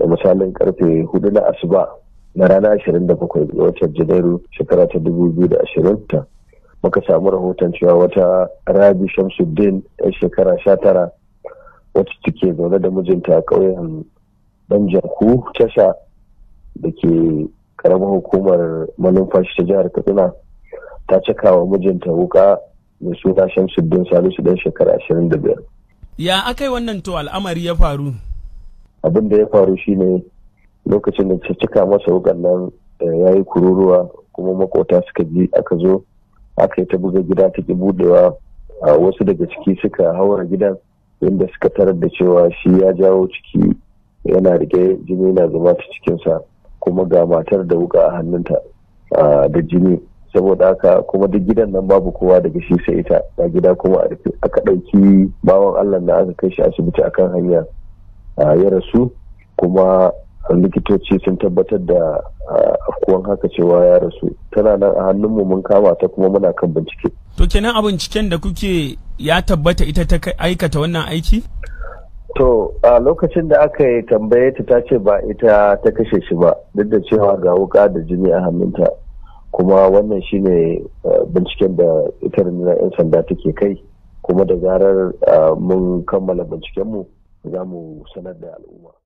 da misalin karfe hudu na asuba na rana 27 ga watan janairu shekara ta 2020 muka samu rahoton cewa wata rabi shamsuddin yan shekara 19 wacce take zaune da mijinta a ƙauyen dan jaku tasha da ke karamar hukumar manumfashi ta jihar katsina ta cika wa mijinta wuka mai suna shamsuddin salisu dan shekara 25 ya aka yi wannan to al'amari ya faru abin da ya faru shine lokacin da ta cika masa wukan nan eh, ya yi kururuwa kuma makota suka ji aka zo aka yi ta buga gida ta ki budewa wasu daga ciki suka haura gidan inda suka tarar da cewa shi ya jawo ciki yana rike jini na zama ta cikinsa kuma ga matar da wuka a hannunta da jini saboda haka kuma duk gidan nan babu kowa daga shi sai ita na gida kuma aka ɗauki bawan allah na aka kai shi asibiti akan hanya ya rasu kuma likitoci sun tabbatar da afkuwan haka cewa ya rasu tana nan a hannunmu mun kama ta kuma muna kan bincike to kenan a binciken da kuke ya tabbata ita ta aikata wannan aiki to a lokacin da aka yi tambaye ta ta ce ba ita ta kashe shi ba duk da cewa ga wuka da jini a hannunta kuma wannan shine binciken da ita na 'yan sanda take kai kuma da zarar mun kammala bincikenmu قاموا سندنا على الامه